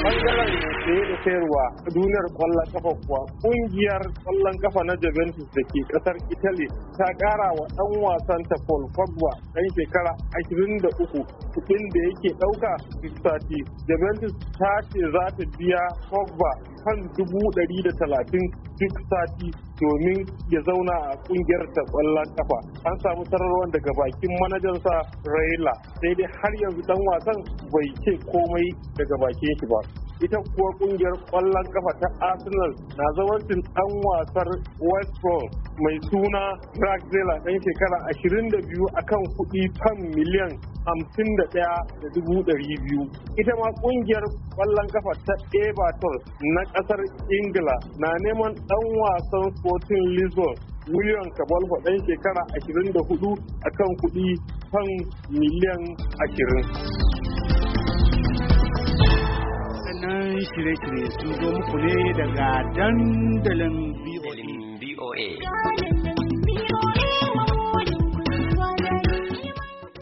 bangaren da da sayarwa duniyar kwallon kafa kuwa kungiyar kwallon kafa na Juventus da ke kasar Italy ta kara wa ɗan wasan ta Paul Pogba dan shekara 23 kuɗin da yake ɗauka Fistati. Juventus ta ce za ta biya Pogba kan dubu ɗari da talatin duk sati domin ya zauna a kungiyar ta kwallon kafa an samu sararwar daga bakin manajansa Raila sai dai har yanzu dan wasan bai ce komai daga bakin shi ba ita kuwa kungiyar kwallon kafa ta arsenal na zawancin dan wasar westbrook mai suna drag zela dan shekara 22 akan kudi fam miliyan 51,200 ita ma kungiyar kwallon kafa ta everton na kasar ingila na neman dan wasan sporting lisbon miliyan kabalfa dan shekara 24 akan kudi fam miliyan 20 shirye-shirye sun zo muku ne daga dandalin VOA.